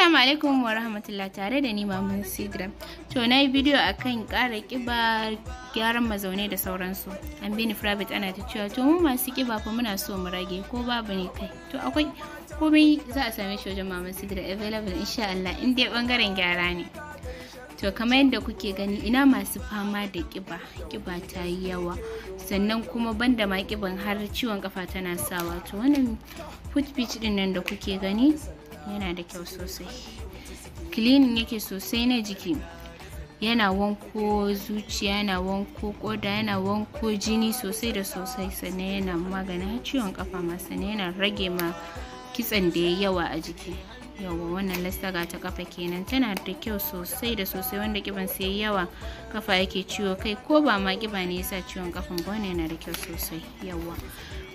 Assalamu alaikum wa rahmatullah tare da ni Maman Sidra. To na yi bidiyo akan ƙara ƙiba gyaran mazaune da sauransu. An bini ni private ana ta cewa to mu masu ƙiba fa muna so mu rage ko babu ne kai. To akwai komai za a same shi wajen Maman Sidra available insha Allah in dai bangaren gyara ne. To kamar yadda kuke gani ina masu fama da ƙiba, ƙiba ta yi yawa. Sannan kuma banda ma ƙiban har ciwon kafa tana sawa. To wannan foot ɗin nan da kuke gani yana da kyau sosai cleaning yake sosai na jiki yana wanko zuciya yana wanko koda yana wanko jini sosai da sosai sannan yana maganin ciwon kafa ma sannan yana rage ma kitsan da ya yawa a jiki yawa wannan lastaga ta kafa kenan tana da kyau sosai da sosai wanda kiban sai yawa kafa yake ciwo kai ko ba ma kiba ne yasa ciwon kafan ba yana da kyau sosai yawa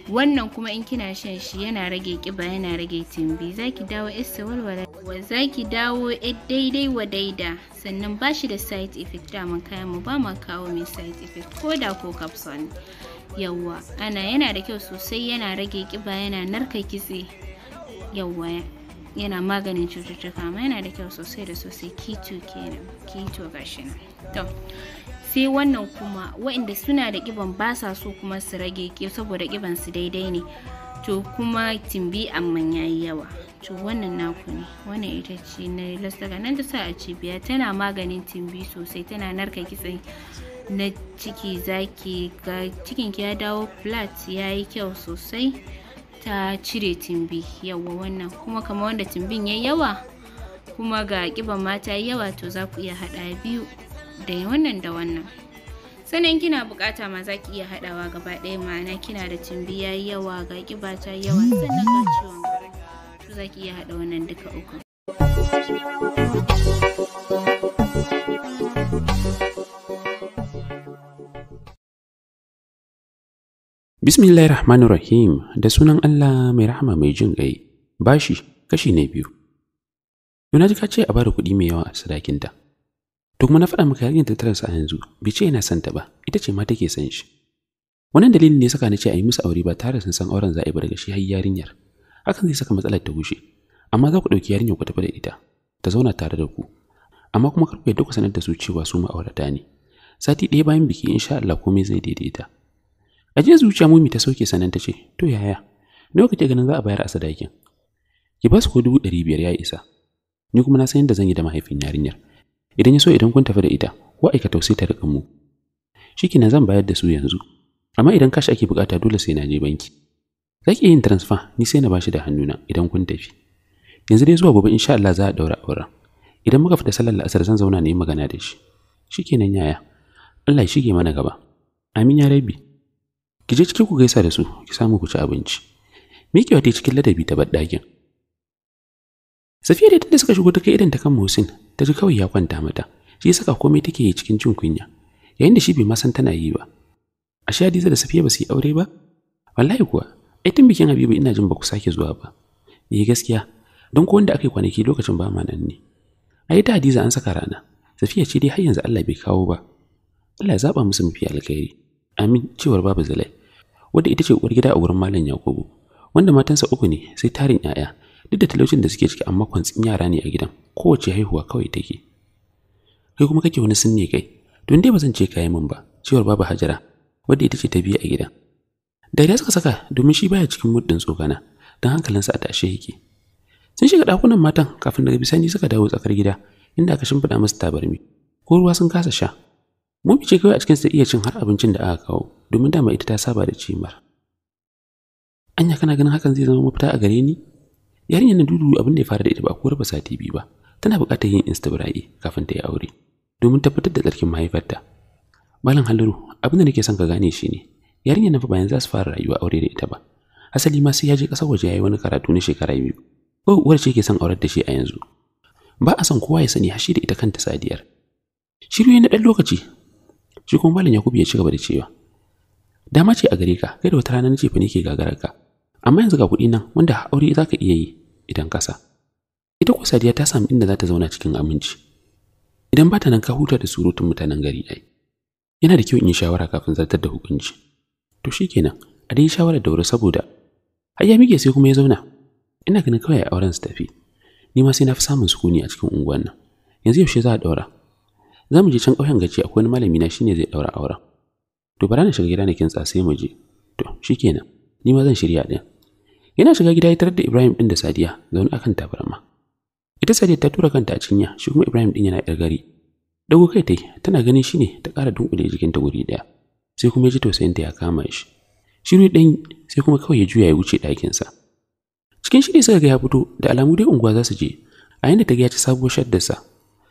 wannan kuma in kina shan shi yana rage kiba yana rage timbi zaki dawo yar walwala wa zaki dawo daidai wa daida sannan ba shi da side effect daman kayan mu ba ma kawo mai side effect ko da ko capsule yawwa ana yana da kyau sosai yana rage kiba yana narka kitse yawwa yana maganin cututtuka amma yana da kyau sosai da sosai keto kenan keto gashi to sai wannan kuma waɗanda suna da ƙiban ba sa so kuma su rage ke saboda ƙiban su daidai ne to kuma timbi amman yayi yawa to wannan naku ne wannan ita ce na lasaga nan ta sa a biya tana maganin timbi sosai tana narka kitsai na ciki zaki ga cikin ya dawo flat ya yi kyau sosai ta cire timbi yawa wannan kuma kamar wanda timbin ya yawa kuma ga ƙiban mata yawa to za ku iya haɗa biyu da wannan da wannan sannan kina bukata ma zaki iya haɗawa gaba daya ma'ana kina da tumbi yawa ga ƙibata ta yawa sannan ga ciwon to zaki iya haɗa wannan duka uku Bismillahir Rahmanir Rahim da sunan Allah mai rahama mai jin ƙai bashi kashi ne biyu. Yuna ji ka ce a bada kuɗi mai yawa a sadakinta. to kuma na faɗa maka yarinyar tattaran sa yanzu bai ce yana son ba ita ce ma take san shi wannan dalilin ne saka ni ce a yi musu aure ba tare sun san auren za a yi ba daga shi har yarinyar hakan zai saka matsalar ta gushe, amma za ku ɗauki yarinyar ku tafi da ita ta zauna tare da ku amma kuma karku ku yadda ku sanar da su cewa su ma'aurata ne sati ɗaya bayan biki insha Allah komai zai daidaita a jiya zuciya mumi ta sauke sanan ta ce to yaya nawa kake ganin za a bayar a sadakin ki ba su ko dubu ɗari biyar ya isa ni kuma na san yadda zan yi da mahaifin yarinyar idan ya so idan kun tafi da ita ko aikata sai ta riƙa mu shi shikenan zan bayar da su yanzu amma idan kashi ake bukata dole sai na je banki zaki yin transfer ni sai na bashi da hannuna idan kun tafi yanzu dai zuwa gobe insha Allah za a daura aura. idan muka fita sallar la'asar zan zauna na yi magana da shi kenan yaya Allah ya shige mana gaba amin ya rabi. ki je ciki ku gaisa da su ki samu ku ci abinci mikewa wata cikin ladabi ta baddakin Safiya da ta suka shigo ta kai idan ta kan Musin, ta ji kawai ya kwanta mata. Shi saka komai take yi cikin jin kunya, yayin da shi bai ma san tana yi ba. A sha Hadiza da Safiya ba su yi aure ba? Wallahi kuwa, ai tun bikin Habibu ina jin ba ku sake zuwa ba. Eh gaskiya, don ko wanda aka yi kwanaki lokacin ba ma nan ne. Ai ta Hadiza an saka rana. Safiya ce dai har yanzu Allah bai kawo ba. Allah ya zaba musu mafi alkhairi. Amin cewar babu zalai. Wadda ita ce uwar gida a wurin Malam Yakubu, wanda matansa uku ne sai tarin 'ya'ya duk da talaucin da suke ciki amma kwantsin yara ne a gidan kowace haihuwa kawai take kai kuma kake wani sunne kai don dai ba zan ce kayi min ba cewar babu hajara wadda ita ce ta biya a gidan dariya suka saka domin shi baya cikin muddin tsokana don hankalinsa a tashe yake sun shiga ɗakunan matan kafin daga bisani suka dawo tsakar gida inda aka shimfiɗa musu tabarmi ko ruwa sun kasa sha mummi ce kawai a cikinsu ta iya cin har abincin da aka kawo domin dama ita ta saba da cimar anya kana ganin hakan zai zama mafita a gare ni yarinyar nan dudu abin da ya fara da ita ba ko raba sati biyu ba tana buƙatar yin instabra'i kafin ta yi aure domin tabbatar da tsarkin mahaifarta malam halaru abin da nake son ka gane shi ne yarinya na fa bayan za su fara rayuwa aure da ita ba asali ma sai ya je ƙasar waje ya yi wani karatu na shekara biyu ko uwar ce ke son aurar da shi a yanzu ba a son kowa ya sani hashi da ita kanta sadiyar shiru na dan lokaci shi kuma malam yakubu ya ci gaba da cewa dama ce a gare ka kai da wata rana na ce fa nake gagarar ka amma yanzu ga kuɗi nan wanda aure za ka iya yi idan kasa ita ko sadiya ta samu inda za ta zauna cikin aminci idan ba ta nan ka huta da surutun mutanen gari ai yana da kyau in yi shawara kafin zartar da hukunci to shi kenan a dai shawarar da wuri saboda har ya mike sai kuma ya zauna ina ganin kawai a auren su tafi ni ma sai na fi samun sukuni a cikin unguwan nan yanzu yaushe za a daura za mu je can ƙauyen gaci akwai wani malami na shine zai daura auren to bara na shiga gida na kintsa sai mu je to shi kenan ni ma zan shirya din yana shiga gida ya tarar da Ibrahim din da Sadiya zaune akan tabarma ita Sadiya ta tura kanta a cinya shi kuma Ibrahim din yana irgari dago kai tai tana ganin shi ne ta ƙara dunkule ta guri daya sai kuma ya ji tausayin ta ya kama shi shiru ɗin sai kuma kawai ya juya ya wuce ɗakinsa. sa cikin shi ne suka ga ya fito da alamu dai unguwa za su je a yanda ta ga ya ci sabuwar shaddarsa.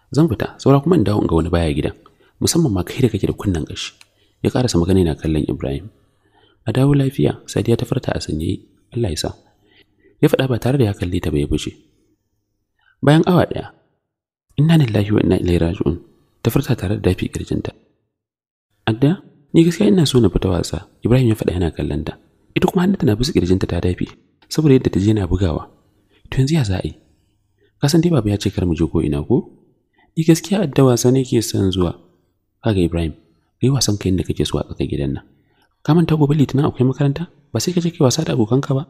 zan fita saura kuma in dawo in ga wani baya gidan musamman ma kai da kake da kunnen ƙashi ya karasa magana yana kallon Ibrahim a dawo lafiya Sadiya ta farta a sanye Allah ya sa ya faɗa ba tare da ya kalli ta ba ya bayan awa ɗaya inna lillahi wa inna ilaihi raji'un ta furta tare da dafi kirjinta adda ni gaskiya ina so na fita wasa ibrahim ya faɗa yana kallon ita kuma hannunta na bisa kirjinta ta dafi saboda yadda ta je na bugawa to yanzu ya za a yi ka san dai babu ya ce kar mu je ko ina ko ni gaskiya adda wasa ne ke son zuwa kaga ibrahim kai wasan kai da kake so a tsakar gidan nan ka manta gobe litinin akwai makaranta ba sai ka je kai wasa da abokanka ba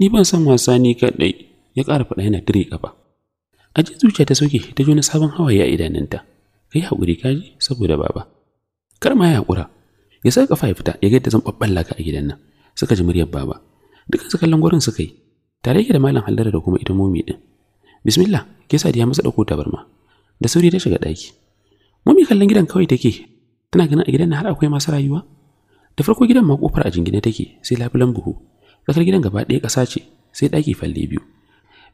ni ban san wasa ni kaɗai ya ƙara faɗa yana dire ba. a ji zuciya ta soke ta jona sabon hawaye a idanunta kai haƙuri ka ji saboda baba kar ma ya haƙura ya sa ƙafa ya fita ya ga yadda zan ɓaɓɓalla ka a gidan nan suka ji muryar baba dukkan su kallon gurin suka yi tare yake da malam hallara da kuma ita momi din bismillah ke ya masa dauko tabarma da sauri ta shiga daki momi kallon gidan kawai take tana ganin a gidan har akwai masu rayuwa da farko gidan ma kofar a jingine take sai labulan buhu tsakar gidan gaba ɗaya ƙasa ce sai ɗaki falle biyu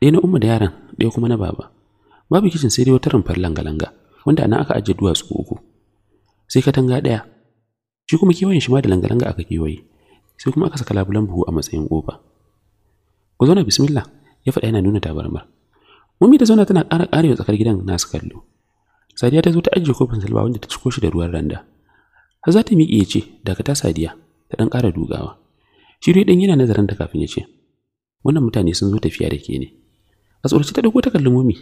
ɗaya na umma da yaran ɗaya kuma na baba babu kicin sai dai wata rumfar langa-langa wanda ana aka ajiye duwatsu uku sai katanga ɗaya shi kuma kewayen shi ma da langa-langa aka kewaye sai kuma aka saka labulan buhu a matsayin ƙofa ku zauna bismillah ya faɗa yana nuna tabarmar mummy ta zauna tana ƙara ƙarewa tsakar gidan nasu kallo sadiya ta zo ta ajiye kofin salba wanda ta ciko shi da ruwan randa har za ta miƙe ya ce daga ta sadiya ta ɗan ƙara dugawa shiru ɗan yana nazarin ta kafin ya ce wannan mutane sun zo tafiya da ke ne a tsoraci ta ɗauko ta kalli momi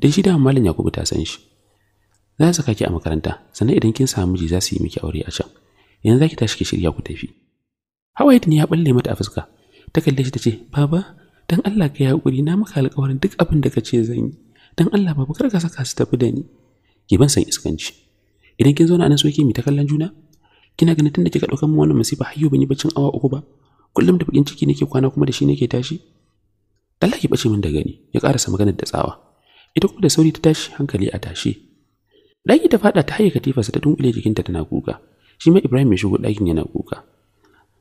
don shi dama malam yakubu ta san shi za su ki a makaranta sannan idan kin samu miji za su yi miki aure a can yanzu za ki tashi ki shirya ku tafi hawaye ne ya balle mata a fuska ta kalle shi ta ce baba dan Allah ka yi hakuri na maka alƙawarin duk abin da ka ce zan yi dan Allah baba kar ka saka su tafi da ni ki ban san iskanci idan kin zauna anan soke mi ta kallon juna kina ganin tunda kika daukan mu wannan masifa hayyo ban yi baccin awa uku ba kullum da bakin ciki nake kwana kuma da shi nake tashi Allah ki bace min da gani ya karasa maganar da tsawa ita kuma da sauri ta tashi hankali a tashi daki ta fada ta haye sa ta dunkule jikinta tana kuka shi ma Ibrahim ya shigo dakin yana kuka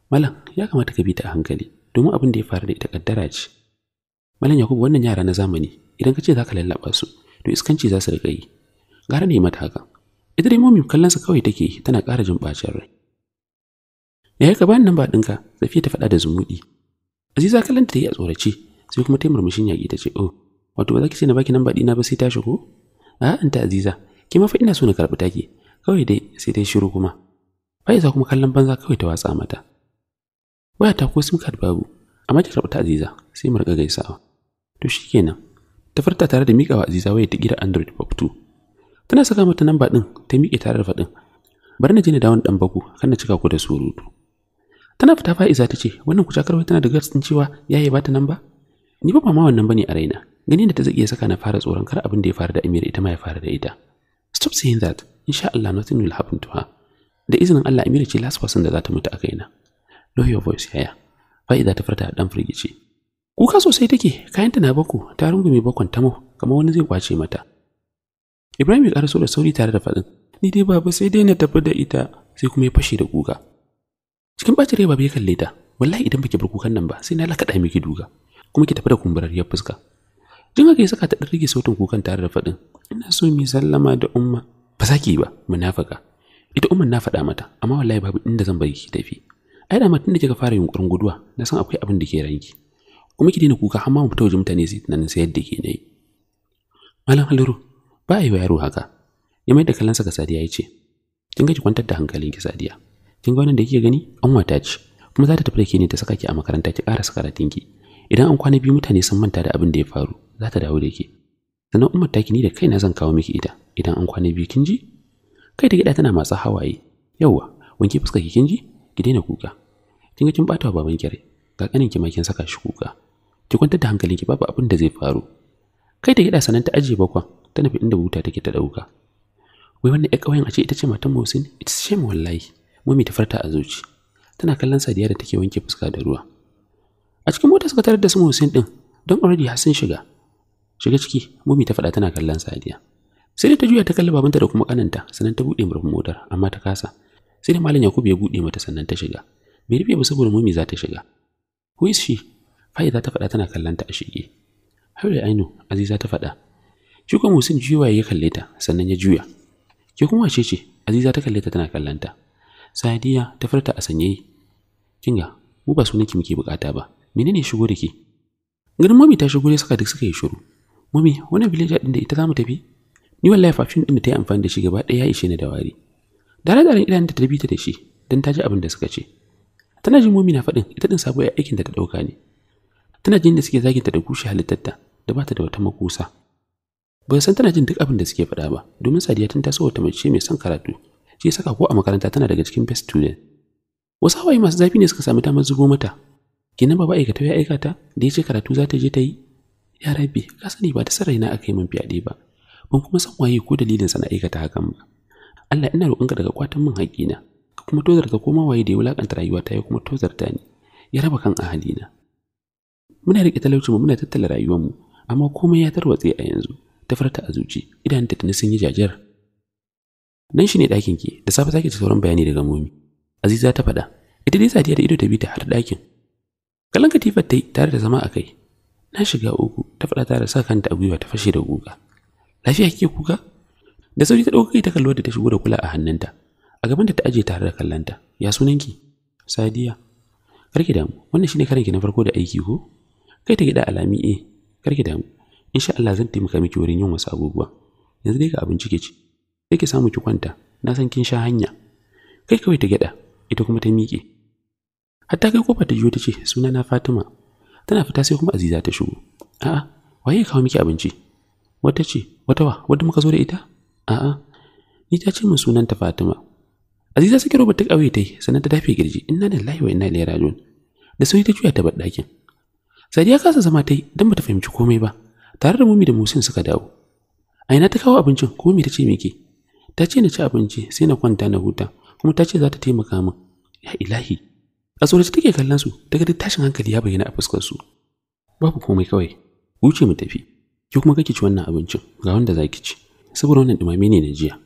Malam ya kamata ka bi ta a hankali domin abin da ya faru da ita kaddara ce Malam Yakubu wannan yara na zamani idan ka ce za ka lallaba su to iskanci za su riga yi gara ne mata haka ita dai kallon sa kawai take tana ƙara jin bacin rai ya yi ka bani nan ba ɗinka safiya ta faɗa da zumuɗi aziza kallonta ta yi a tsorace sai kuma ta murmushin yaƙi ta ce oh wato ba za ki ce na baki nan ba ɗina ba sai ta shigo a anta aziza ki ma fa ina so na karɓi take kawai dai sai ta shiru kuma fa'iza kuma kallon banza kawai ta watsa mata waya ta ko sim card babu amma ki karɓi ta aziza sai mu riƙa gaisawa to shikenan ta furta tare da miƙawa aziza waya ta gida android pop 2 tana saka mata namba din ta miƙe tare da faɗin bari na je da dawo dan baku kan na cika ku da surutu tana fita fa'iza ta ce wannan kucakar karwai tana da gas din cewa yaye ba ta namba ni ba ma wannan bane a raina gani da ta zaki iya saka na fara tsoron kar abin da ya faru da Amira ita ma ya faru da ita stop saying that insha Allah nothing will happen to her da izinin Allah Amira ce last person da za ta mutu a kaina na. your voice yaya fa'iza ta furta dan firgice kuka sosai take kayanta na bako ta rungume bakon tamo kamar wani zai kwace mata Ibrahim ya karaso da sauri tare da faɗin. Ni dai babu sai dai na tafi da ita sai kuma ya fashe da kuka. Cikin bacin rai babu ya kalle ta. Wallahi idan baki bar kukan nan ba sai na lakaɗa miki duga. Kuma ki tafi da ya fuska. Jin haka ya saka ta rage sautin kukan tare da faɗin. Ina so mi sallama da umma. Ba za ki ba, munafaka. Ita umman na faɗa mata, amma wallahi babu inda zan bari ki tafi. Ai da tun da kika fara yunkurin guduwa, na san akwai abin da ke ranki. kuma ki daina kuka har ma mu fita waje mutane su nan sayar da ke nayi malam haliru ba a yi wa yaro haka ya mai da kallonsa ga sadiya ya ce kin ga ki kwantar da ki, sadiya kin ga wannan da kike gani an wata ce kuma za ta tafi da ke ne ta saka ki a makaranta ki karasa ki. idan an kwana biyu mutane sun manta da abin da ya faru za ta dawo da ke sannan umar taki ni da kaina zan kawo miki ita idan an kwana biyu kin ji kai da gida tana masu hawaye yauwa wanke fuska ki kin ji ki daina kuka kin ga kin bata wa baban kire ga kanin ki ma kin saka shi kuka ki kwantar da hankalin ki babu abin da zai faru kai da gida sanan ta ajiye bakwan ta nufi inda buta take ta ɗauka. Wai wannan ƴar ƙauyen a ce ita ce matan Musin? Ita ce mu wallahi. Mummy ta farta a zuci. Tana kallon Sadiya da take wanke fuska da ruwa. A cikin mota suka tarar da su Musin din, don already har sun shiga. Shiga ciki, Mummy ta faɗa tana kallon Sadiya. Sai da ta juya ta kalli babanta da kuma kananta, sannan ta buɗe murfin motar, amma ta kasa. Sai da Malam Yakubu ya buɗe mata sannan ta shiga. Bai rufe ba saboda Mummy za ta shiga. Who is she? Fa'iza ta faɗa tana kallon ta a shige. Haure Aino, Aziza ta faɗa. Shi kuma Musin juyawa ya kalle ta sannan ya juya. Ke kuma wace ce? Aziza ta kalle ta tana kallanta. Sadiya ta farta a sanye. Kinga, mu ba sunan ki muke bukata ba. Menene shigo da ke? Ganin mami ta shigo ne saka duk suka yi shiru. Mami, wannan village din da ita zamu tafi? Ni wallahi perfume din da ta yi amfani da shi gaba ɗaya ya ishe ni da wari. Dare idanunta idan ta bi ta da shi, dan ta ji abin da suka ce. Tana jin mami na faɗin ita din sabuwar aikin da ta ɗauka ne. Tana jin da suke zaginta da kushe halittarta da ba ta da wata makusa. ban san tana jin duk abin da suke faɗa ba domin sadiya tun taso wata mace mai son karatu shi saka ko a makaranta tana daga cikin best student wasu hawaye masu zafi ne suka sami damar zubo mata kinan baba aikata ya aikata da ya ce karatu za ta je ta yi ya rabi ka sani ba ta san raina aka yi min fyaɗe ba ban kuma san waye ko dalilin sa na aikata hakan ba Allah ina roƙonka daga kwatan min na. ka kuma tozarta koma waye da ya wulakanta rayuwata ya kuma tozarta ni ya raba kan ahalina muna riƙe mu muna tattala mu amma komai ya tarwatse a yanzu ta farta a zuci idanunta tuni sun yi jajar nan shi ne ɗakin ki da safe sake ta sauran bayani daga momi aziza ta faɗa ita dai sadiya da ido ta bi ta har ɗakin kallon katifar ta yi tare da zama a kai na shiga uku ta faɗa tare sa kanta a gwiwa ta fashe da guga lafiya kike kuka da sauri ta ɗauka kai ta kallo da ta shigo da kula a hannunta a gaban da ta aje tare da kallanta ya ki? sadiya karki damu wannan shine karanki na farko da aiki ko kai ta gida alami eh karki damu insha Allah zan taimaka miki wurin yin wasu abubuwa yanzu dai ka abinci ke ci sai ki samu ki kwanta na san kin sha hanya kai kawai ta gyada ita kuma ta miƙe hatta kai kofa ta jiyo ta ce suna na Fatima tana fita sai kuma Aziza ta shigo a'a waye ya kawo miki abinci wata ce wata wa wadda muka zo da ita a'a ni ta ce min sunanta Fatima Aziza saki roba ta kauye tai sannan ta dafe girji inna lillahi wa inna ilaihi raji'un da sauri ta juya ta bar ɗakin Sadiya kasa zama tai don bata fahimci komai ba tare da Mumi da musin suka dawo a ina ta kawo abincin ko me ta ce miki ta ce na ci abinci sai na kwanta na huta kuma ta ce za ta taimaka min ya ilahi a tsorace take kallon su daga duk tashin hankali ya bayyana a fuskar su babu komai kawai wuce mu tafi ki kuma kake ci wannan abincin ga wanda zaki ci saboda wannan dumame ne na jiya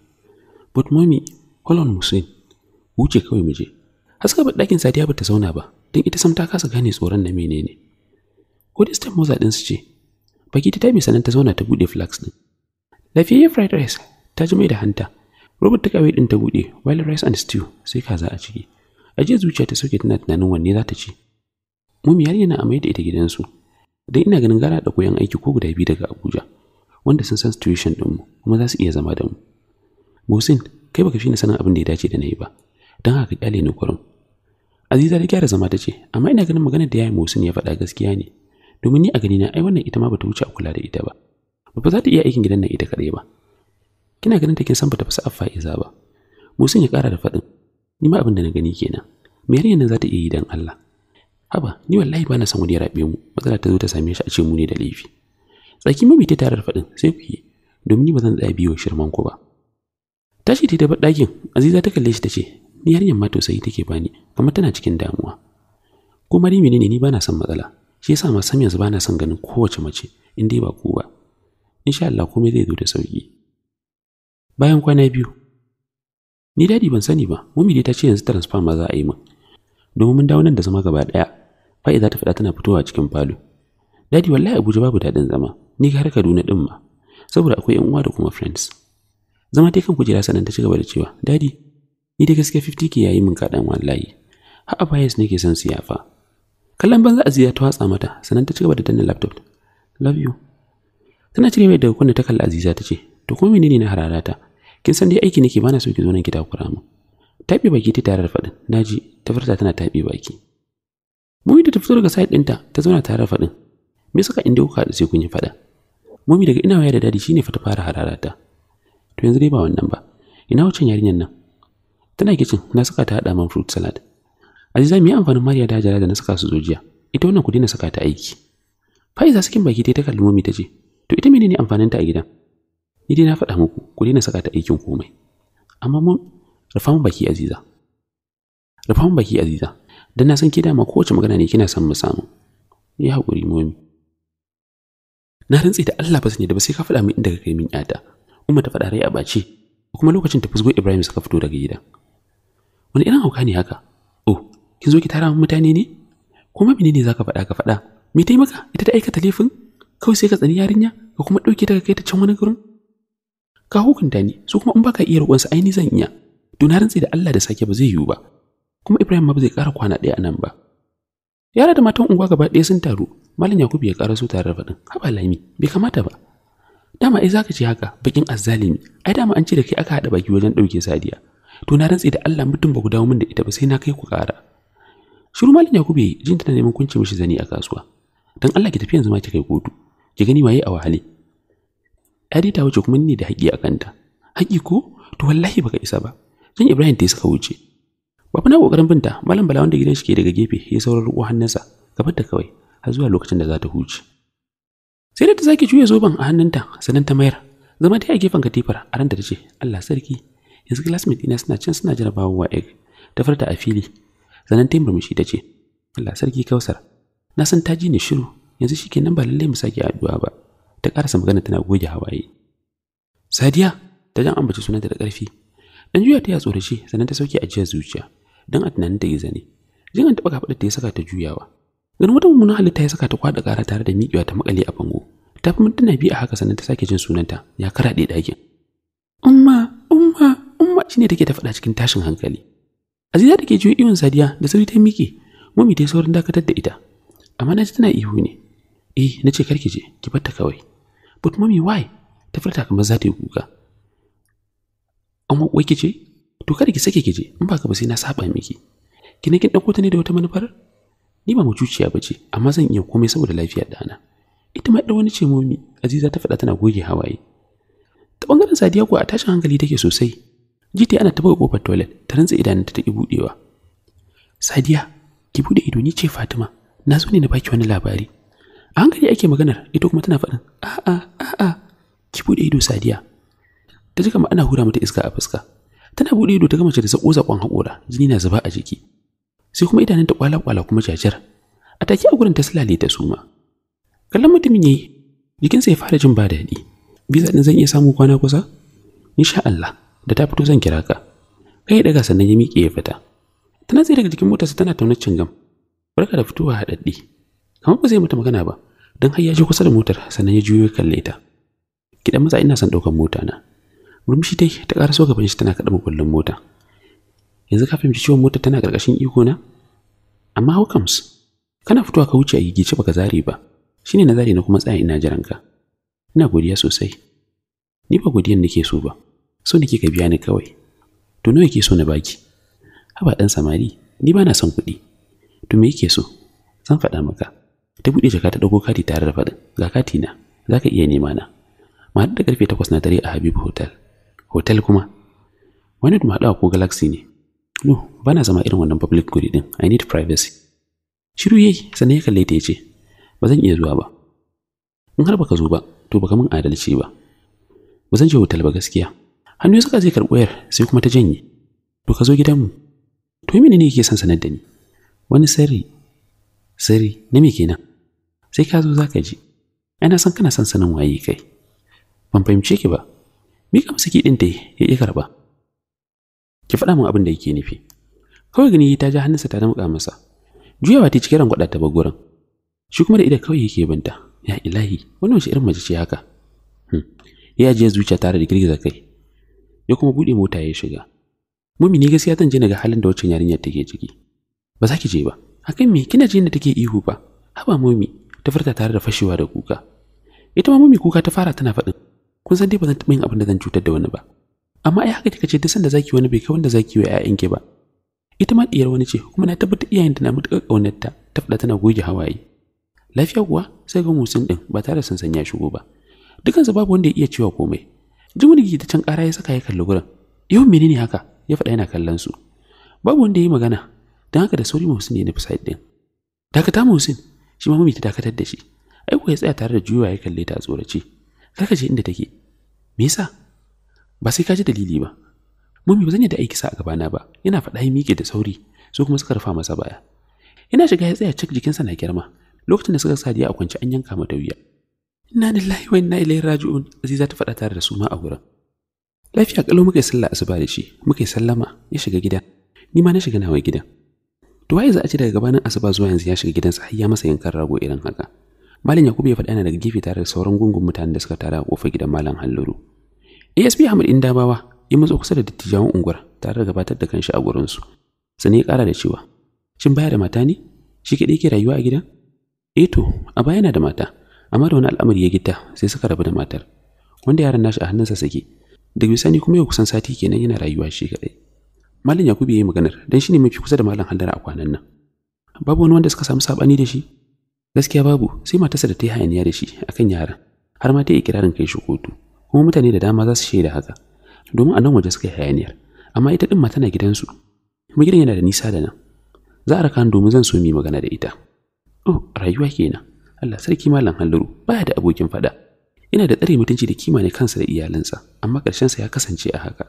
but mommy hold on musin wuce kawai mu je haska ba ɗakin sadiya ba ta zauna ba don ita sam ta kasa gane tsoron na menene ko distan moza din su ce baki ta tabe sanan ta zauna ta bude flax din lafiyayyen fried rice ta ji mai da hanta robert ta kawai din ta bude while rice and stew sai kaza a ciki aje zuciya ta soke tana tunanin wanne za ta ci mumi yarinya na amai da ita gidansu dan ina ganin gara da koyan aiki ko guda biyu daga abuja wanda sun san situation din mu kuma za su iya zama da mu musin kai baka shine sanin abin da ya dace da nayi ba dan haka kyale ni kurum aziza da gyara zama ta ce amma ina ganin magana da yayi musin ya faɗa gaskiya ne domin ni a na ai wannan ita ma bata wuce a kula da ita ba ba fa za ta iya aikin gidan nan ita kaɗai ba kina ganin ta kin san bata fasa faiza ba musin ya kara da faɗin ni ma abin da na gani kenan me yarinyar nan za ta iya yi dan Allah haba ni wallahi ba na san wani rabe mu matsala ta zo ta same shi a ce mu ne da laifi tsaki mami ta tare da faɗin sai ku yi domin ni ba zan tsaya biyo shirman ku ba tashi ta da ɗakin aziza ta kalle shi ta ce ni yarinyar ma tausayi take bani kamar tana cikin damuwa kuma mari ne ni bana son matsala shi yasa ma sam yanzu ba na son ganin kowace mace in dai ba ku ba insha Allah komai zai zo da sauki bayan kwana biyu ni dadi ban sani ba mummy dai ta ce yanzu transfer ma za a yi min domin mun dawo nan da zama gaba daya fa'iza ta fada tana fitowa cikin falo dadi wallahi Abuja babu dadin zama ni ga har Kaduna din ma saboda akwai yan uwa da kuma friends zama dai kan kujera sanan ta cigaba da cewa dadi ni dai gaskiya 50k yayi min kadan wallahi har a bias nake son siyafa kallon banza a ta watsa mata sannan ta cigaba da danna laptop love you tana cire mai daga kunna ta kalla aziza ta ce to kuma menene na hararata kin san dai aiki nake bana so ki zo nan ki takura mu taɓe baki ta tare da faɗin naji ta furta tana tabi baki mummy da ta fito daga side ɗinta ta zauna tare da faɗin me suka inda kuka haɗu sai kun yi faɗa mummy daga ina waya da dadi shine fa ta fara hararata to yanzu dai ba wannan ba ina wucin yarinyar nan tana kicin na saka ta hada man fruit salad Aziza me amfanin Mariya da Hajara da na saka su zuciya? Ita wannan ku daina saka ta aiki. Faiza sakin baki ta kalli mami ta ce, "To ita menene amfanin ta a gidan?" Ni dai na faɗa muku, ku daina saka ta aikin komai. Amma mun rufa mun baki Aziza. Rufa mun baki Aziza. Dan na san ke dama kowace magana ne kina son mu samu. Ya hakuri mami. Na rantsi da Allah ba sani da ba sai ka faɗa min inda ka kai min yata. Umma ta faɗa rai a bace. Kuma lokacin ta fusgo Ibrahim suka fito daga gidan. Wani irin hauka ne haka? kin zo ki tara mutane ne kuma menene zaka faɗa ka faɗa me tai maka ita ta aikata laifin kawai sai ka tsani yarinya ka kuma ɗauke ta kai ta can wani gurin ka hukunta ni su kuma in baka iya roƙonsa aini zan iya don rantsi da Allah da sake ba zai yiwu ba kuma Ibrahim ma ba zai ƙara kwana ɗaya anan ba yara da matan unguwa gaba ɗaya sun taru malam Yakubu ya ƙara su tare da faɗin haba lami bai kamata ba dama ai zaka ce haka bakin azzalimi ai dama an ce da kai aka haɗa baki wajen ɗauke sadiya to na rantsi da Allah mutum ba ku dawo min da ita ba sai na kai ku ƙara shiru malin yakubu yayi jin tana neman kunce mishi zani a kasuwa dan Allah ki tafi yanzu ma ki kai kotu ki gani waye a wahale ari ta wuce kuma ni da haƙi a kanta haƙi ko to wallahi baka isa ba jan ibrahim ta suka wuce babu na kokarin binta malam bala wanda gidan shi ke daga gefe ya saurar ruwa hannunsa gabar da kawai har zuwa lokacin da za ta huce sai da ta sake juya zoben a hannunta sannan ta mayar zama ta yi a gefen katifar a ranta ta ce Allah sarki yanzu classmate ina suna can suna jarabawa egg ta farta a fili sanan ta murmushi ta ce Allah sarki kausar na san ta ji ni shiru yanzu nan ba lalle mu sake addu'a ba ta karasa magana tana goge hawaye Sadiya ta jan ambaci sunanta da ƙarfi dan juya ta ya tsore shi sanan ta sauke ajiyar zuciya dan a tunanin ta yi zane jin an taba kafada ta ya saka ta juyawa ganin wata mummunan halitta ya saka ta kwada ƙara tare da miƙewa ta makale a bango ta fi mintuna biyu a haka sanan ta sake jin sunanta ya karaɗe ɗakin umma umma umma shine take ta faɗa cikin tashin hankali Aziza da ke jiyo iwon Sadiya da sauri ta miƙe, mummy ta yi saurin dakatar da ita. Amma na ji tana ihu ne. Eh, na ce karki je, ki bar ta kawai. But mummy why? Ta furta kamar za ta yi kuka. An wai ki ce? To kada ki sake ki je, in ba ka ba sai na saba miki. Ki kin dauko ta ne da wata manufar? Ni ba mu cuciya ba ce, amma zan iya komai saboda lafiyar dana. Ita ma wani ce mummy, Aziza ta faɗa tana goge hawaye. Ta bangaren Sadiya kuwa a tashin hankali take sosai, jita ana taba kofar toilet ta rantsa idanunta ta ki buɗewa sadiya ki bude ido ni ce fatima na zo ne na baki wani labari a hankali ake maganar ita kuma tana faɗin a'a a'a ki buɗe ido sadiya ta ji kamar ana hura mata iska a fuska tana buɗe ido ta gama ce da sako zakon haƙora jini na zuba a jiki sai kuma idanunta kwala-kwala kuma jajar a take a gurin ta sulale ta suma kallon mutumin yayi jikinsa ya fara jin ba daɗi biza ɗin zan iya samu kwana kusa insha Allah da ta fito zan kira ka kai daga sannan ya miƙe ya fita tana tsaye daga jikin motarsa tana tauna cingam barka da fitowa haɗaɗɗi kamar ba zai mata magana ba don har ya je kusa da motar sannan ya juyo ya kalle ta kiɗan maza ina son ɗaukar mota na murmushi dai ta ƙara so gaban shi tana kaɗa makullin mota yanzu ka fahimci ciwon motar tana ƙarƙashin iko na amma how comes kana fitowa ka wuce a gigice baka zare ba Shi ne na zare na kuma tsaya ina jiran ka ina godiya sosai ni ba godiyan nake so ba so ne ka biya ni kawai to nawa kike so na baki haba dan samari ni ba na son kuɗi to me yake so zan faɗa maka ta buɗe jaka ta ɗauko kati tare da faɗin ga kati na zaka iya nema na ma da karfe takwas na dare a habibu hotel hotel kuma wani da haɗawa ko galaxy ne no ba na zama irin wannan public guri din i need privacy shiru yayi sannan ya kalle ta yace ba zan iya zuwa ba in har baka zo ba to baka mun adalci ba ba zan je hotel ba gaskiya hannu ya saka zai karɓi wayar sai kuma ta janye to ka zo gidanmu to mene ne yake son sanar da ni wani sirri sirri na me kenan sai ka zo zaka ji ana san kana son sanin waye kai ban fahimce ki ba mi ka masa ɗin ta ya iya karɓa ki faɗa min abin da yake nufi kawai gani ta ja hannunsa ta damƙa masa juyawa ta cikin rangwada ta bagurin shi kuma da ida kawai yake banta. ya ilahi wannan wace irin mace ce haka hmm. ya je zuciya tare da girgiza kai ya kuma buɗe mota ya shiga mumini gaskiya zan je na ga halin da wacce yarinyar take ciki ba za ki je ba hakan me kina jin da take ihu ba haba mumi ta furta tare da fashewa da kuka ita ma mumi kuka ta fara tana faɗin kun san dai ba zan taɓa yin abin da zan cutar da wani ba amma ai haka kika ce duk sanda zaki wani bai kai wanda zaki wa ƴaƴanki ba ita ma diyar wani ce kuma na tabbata iyayen na mutukar kaunar ta ta fada tana goge hawaye lafiya kuwa sai ga musin din ba tare da san ya shigo ba dukansu babu wanda ya iya cewa komai ji wani gidi can ƙara ya saka ya kalli gurin yau menene haka ya faɗa yana kallon su babu wanda ya yi magana don haka da sauri musin ne na fi side ɗin dakata musin shi ma mami ta dakatar da shi aiko ya tsaya tare da juyawa ya kalle ta a tsorace kar ka je inda take me yasa ba sai ka ji dalili ba mami ba zan yi da aiki sa a gabana ba yana faɗa ya miƙe da sauri su kuma suka rufa masa baya ina shiga ya tsaya cik jikinsa na girma lokacin da suka sadiya a kwance an yanka mata wuya inna lillahi wa inna ilaihi raji'un aziza ta faɗa tare da su ma a wurin lafiya kalo muka yi sallah asuba da shi muka yi sallama ya shiga gida ni ma na shiga nawa gidan to waye za a ci daga gabanin asuba zuwa yanzu ya shiga gidan har ya masa yankan rago irin haka malam yakubu ya faɗa yana daga gefe tare da sauran gungun mutanen da suka tara a kofar gidan malam halluru asp ahmad dabawa, ya matso kusa da dattijawan unguwar tare da gabatar da kanshi a gurinsu sani ya kara da cewa shin baya da mata ne shi kaɗai ke rayuwa a gidan eh to a baya yana da mata amma da wani al'amari ya gita sai suka rabu da matar wanda yaran nashi a hannunsa suke daga bisani kuma yau kusan sati kenan yana rayuwa shi kaɗai malam yakubu ya yi maganar don shi ne mafi kusa da malam haldara a kwanan nan babu wani wanda suka samu saɓani da shi gaskiya babu sai matarsa da ta yi hayaniya da shi akan yaran har ma ta yi kirarin kai shi kotu kuma mutane da dama za su shaida haka domin a nan waje suka yi hayaniyar amma ita din tana gidansu kuma gidan yana da nisa da nan za a raka domin zan so mu yi magana da ita oh rayuwa kenan Allah sarki malam halluru baya da abokin fada Ina da tsare mutunci da kima ne kansa da iyalansa amma karshen sa ya kasance a haka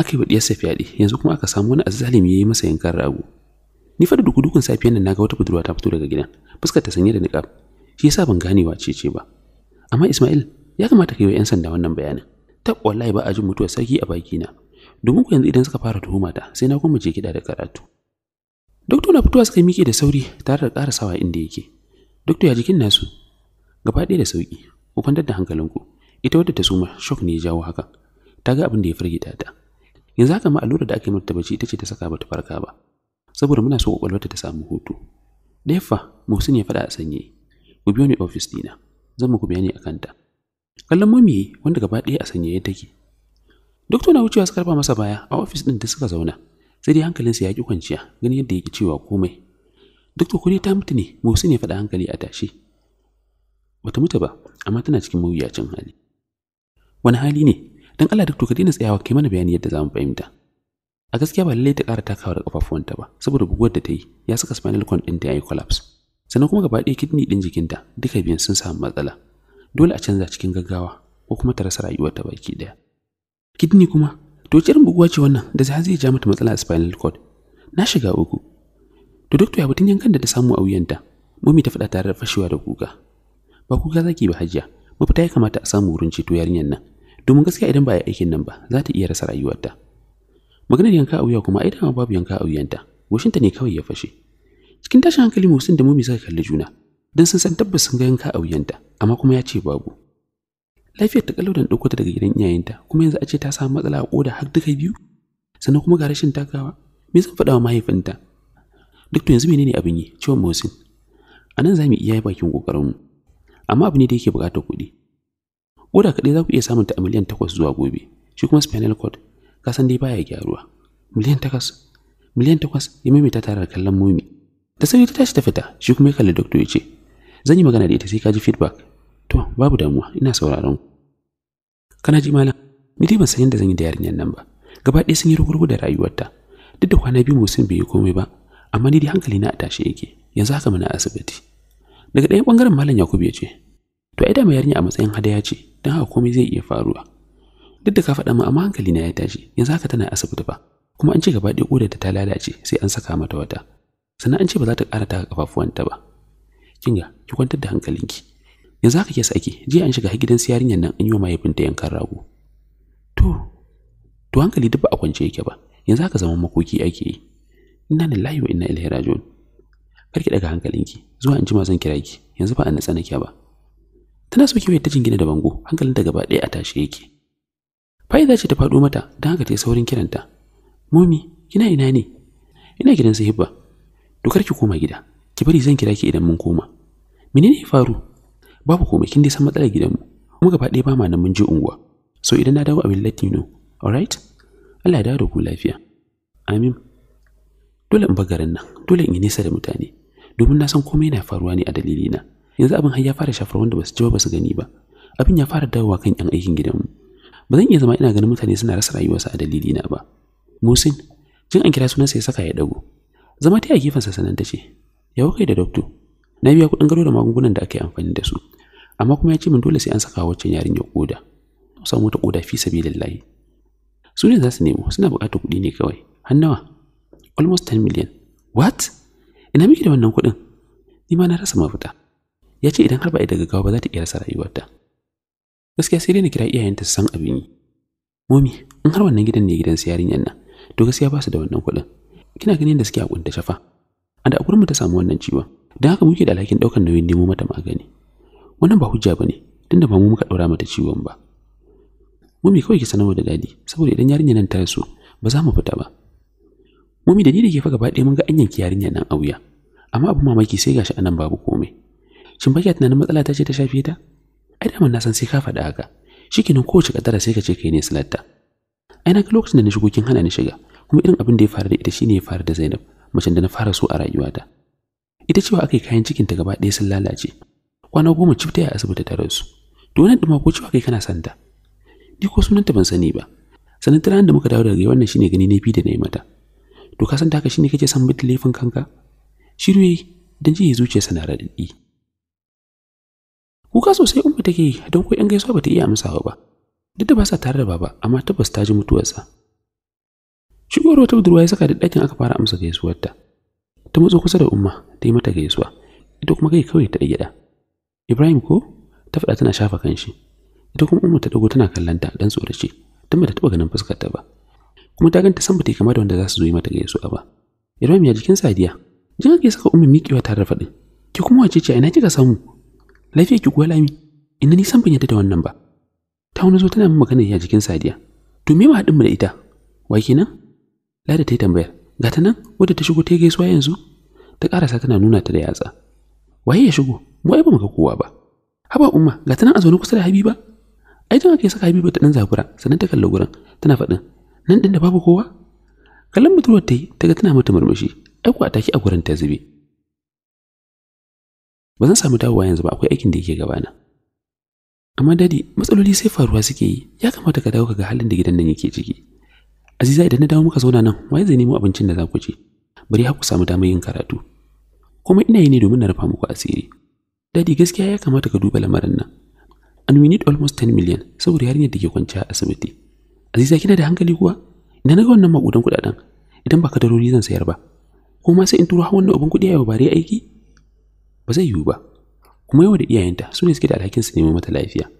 aka yi wa diyarsa fyaɗe yanzu kuma aka samu wani azzalimi yayi masa yankan rago ni fa da dukudukun safiyan nan naga wata budurwa ta fito daga gidan fuskar ta sanye da niqab shi yasa ban gane wa ce ba amma Ismail ya kamata ka yi wa 'yan sanda wannan bayanin ta wallahi ba a jin mutuwar sarki a baki na. domin ku yanzu idan suka fara tuhuma ta sai na kuma je kiɗa da karatu Doktor na fitowa suka miƙe da sauri tare da ƙarasawa inda yake duk ya jikin nasu gaba ɗaya da sauki ku kwantar da hankalinku ita wadda ta suma shock ne ya jawo haka ta ga abin da ya firgita ta yanzu haka ma allura da ake mata bace ita ce ta saka bata farka ba saboda muna so kwakwalwarta ta samu hutu ɗaya fa muhsin ya faɗa a sanye ku biyo ni ofis dina zan muku bayani a kanta. kallon mami wanda gaba ɗaya a sanye take doktor na wucewa suka karfa masa baya a ofis ɗin da suka zauna sai dai hankalinsa ya ƙi kwanciya ganin yadda ya ƙi cewa komai duk da ta mutu ne musu ne faɗa hankali a tashi bata mutu ba amma tana cikin mawuyacin hali wani hali ne don Allah duk ka daina tsayawa kai mana bayani yadda za mu fahimta a gaskiya ba lallai ta ƙara takawa da kafafuwanta ba saboda buguwar da ta yi ya saka spinal cord ɗinta ya yi collapse sannan kuma gaba ɗaya kidney ɗin jikinta duka biyan sun samu matsala dole a canza cikin gaggawa ko kuma ta rasa ta baki ɗaya kidney kuma to irin buguwa ce wannan da za zai ja mata matsala a spinal cord na shiga uku to duk ya butun yankan da ta samu a wuyanta mami ta faɗa tare da fashewa da kuka ba kuka zaki ba hajiya mafita ya kamata a samu wurin ceto yarinyar nan domin gaskiya idan ba a yi aikin nan ba za ta iya rasa rayuwarta maganar yanka a wuya kuma ai dama babu yanka a wuyanta goshinta ne kawai ya fashe cikin tashin hankali musin da mummy suka kalli juna don sun san tabbas sun ga yanka a wuyanta amma kuma ya ce babu lafiyar ta kalau dan ta daga gidan iyayenta kuma yanzu a ce ta samu matsala a koda har duka biyu sannan kuma ga rashin takawa me zan faɗa wa mahaifinta duk to yanzu menene abin yi ciwon motsin a nan za mu iya bakin ƙoƙarinmu amma abu ne da yake buƙatar kuɗi koda kaɗai za ku iya samunta a miliyan takwas zuwa gobe shi kuma spinal cord ka san dai baya gyaruwa miliyan takwas miliyan takwas ya maimaita tare da kallon mumi. da sauri ta tashi ta fita shi kuma ya kalli doctor ya ce zan yi magana da ita sai ka ji feedback to babu damuwa ina sauraron ku kana ji malam ni dai ban san yadda zan yi da yarinyar nan ba gaba ɗaya sun yi rugurgu da rayuwarta duk da kwana biyu musin bai yi komai ba amma ni dai hankali na tashi yake yanzu haka muna asibiti daga ɗayan ɓangaren malam yakubu ya ce to ai da mai yarinya a matsayin hadaya ce don haka komai zai iya faruwa duk da ka faɗa min amma hankali na ya tashi yanzu haka tana asibiti ba kuma an ce gaba ɗaya kodar ta lalace sai an saka mata wata sannan an ce ba za ta ƙara taka kafafuwanta ba kinga ki kwantar da hankalinki yanzu haka ke sake jiya an shiga gidan su yarinyar nan an yi wa mahaifinta yankan rago to to hankali duk ba a kwance yake ba yanzu haka zaman makoki ake yi inna lillahi wa inna ilaihi raji'un karki daga hankalinki zuwa in jima zan kira ki yanzu ba a natsa nake ba tana so ki kiwaye ta jingina da bango hankalin ta gaba ɗaya a tashe yake fa'ida ce ta fado mata dan haka ta yi saurin kiranta momi kina ina ne ina gidan su hibba to ki koma gida ki bari zan kira ki idan mun koma menene ya faru babu komai kin dai san matsalar gidanmu kuma gaba ɗaya ba ma nan mun je unguwa so idan na dawo abin latino alright Allah ya dawo da ku lafiya amin dole in garin nan dole in yi nisa da mutane domin na san komai na faruwa ne a na, yanzu abin har ya fara shafar wanda basu ji ba su gani ba abin ya fara dawowa kan yan aikin gidanmu ba zan iya zama ina ganin mutane suna rasa rayuwarsu a na ba musin jin an kira sunan sai saka ya dago zama ta a gefen sanan ta ce ya kai da doctor na biya kuɗin gado da magungunan da aka yi amfani da su amma kuma ya ce min dole sai an saka waccan ya koda samu ta koda fi sabilillahi su ne za su nemo suna buƙatar kuɗi ne kawai hannawa almost 10 million what ina miki da wannan kuɗin ni ma na rasa mafita ya ce idan har ba a daga gawa ba za ta iya rasa rayuwarta gaskiya sai dai na kira iyayenta su san abin yi momi in har wannan gidan ne gidan su yarinyar nan to gaskiya ba su da wannan kuɗin kina ganin da suke a kunta shafa a da mu ta samu wannan ciwon don haka muke da alhakin ɗaukar nauyin nemo mata magani wannan ba hujja ba ne tunda ba mu muka ɗora mata ciwon ba mummy kawai ki sanarwa da dadi saboda idan yarinyar nan ta rasu ba za mu fita ba mumi da ni da ke fa gaba ɗaya mun ga an yanki yarinyar nan a wuya amma abu mamaki sai gashi anan babu komai shin baki tunanin matsala ta ce ta shafe ta ai da na san sai ka faɗa haka shikenan kowace kaddara sai ka ce kai ne salatta ai na ga lokacin da na shigo kin hana ni shiga kuma irin abin da ya faru da ita shine ya faru da Zainab macen da na fara so a rayuwata ita cewa akai kayan cikin ta gaba ɗaya sun lalace kwana goma cifta a asibiti ta rasu to wannan dima ko cewa kai kana santa ni ko sunanta ban sani ba sanin tunanin da muka dawo daga wannan shine gani ne fi da na mata to ka san da ka shine kake san mutu laifin kanka shirye dan ji zuciyarsa na radadi kuka sosai umma take don ko yan gaisuwa bata iya amsawa ba duk da ba sa tare da baba amma tabbas ta ji mutuwarsa shigowar ta budurwa ya saka da ɗakin aka fara amsa gaisuwar ta matso kusa da umma ta yi mata gaisuwa ita kuma kai kawai ta ɗayyada ibrahim ko ta faɗa tana shafa kanshi ita kuma umma ta dago tana kallonta dan tsorace tun ba taɓa ganin fuskar ta ba kuma ta ganta san bata kama da wanda za su zo yi mata gaisuwa ba Ibrahim ya jikin Sadiya jin ake saka ummi miƙewa tare da faɗin ki kuma wace ce ina kika samu lafiya ki kuwa lami ina ni san ban yadda da wannan ba ta wani zo tana min magana ya jikin Sadiya to me ma haɗin mu da ita wa kenan Lada ta yi tambayar ga ta nan wadda ta shigo ta yi gaisuwa yanzu ta karasa tana nuna ta da yatsa waye ya shigo mu ai ba muka kowa ba haba umma ga ta nan a zaune kusa da habiba ai jin ake saka habiba ta dan zakura sannan ta kalla gurin tana faɗin nan ɗin da babu kowa kallon budurwar ta yi ta ga tana mata murmushi ai kuwa take a gurin ta zube ba zan samu dawowa yanzu ba akwai aikin da yake gabana amma dadi matsaloli sai faruwa suke yi ya kamata ka dawo ka ga halin da gidan nan yake ciki aziza idan na dawo muka zauna nan waye zai nemo abincin da za ku ci bari har ku samu damar yin karatu kuma ina yi ne domin na rufa muku asiri dadi gaskiya ya kamata ka duba lamarin nan and we need almost 10 million saboda yarinyar da ke kwanciya a asibiti aziza kina da hankali kuwa ina naga wannan makudan kudaden idan ba kadarori zan sayar ba ko ma sai in turo hawan abin kudi yau bare aiki ba zai yiwu ba kuma yau da iyayenta su ne suke da alhakin su nemi mata lafiya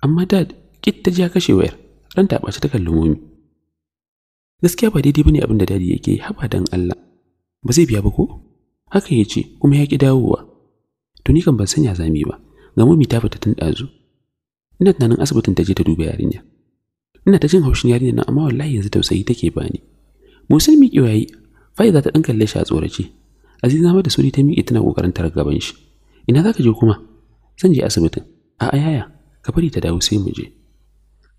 amma dad kitta ta ja kashe wayar ran ta bace ta kalli momi gaskiya ba daidai bane abin da dadi yake haba dan Allah ba zai biya ba ko haka ya ce kuma ya ki dawowa to ni kan ban sanya zami ba ga momi ta fita tun dazu ina tunanin asibitin ta je ta duba yarinya ina ta jin haushin yarinya na amma wallahi yanzu tausayi take bani musul waye yayi fa'iza ta dan kalle shi a tsorace aziza ma da suri ta miƙe tana kokarin tar gaban shi ina zaka je kuma zan je asibitin a'a yaya ka bari ta dawo sai mu je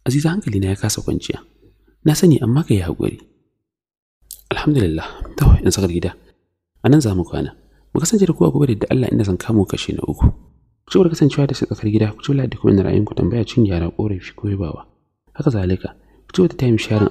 aziza hankali na ya kasa kwanciya na sani amma ka yi alhamdulillah to in sakar gida a nan za mu kwana mu kasance da kowa gobe da Allah ina zan kamo kashe na uku ku ci kasancewa da tsakar gida ku ci da kuma na ku tambaya cin yara korafi ko yabawa Haka zalika, fitowar ta time sharing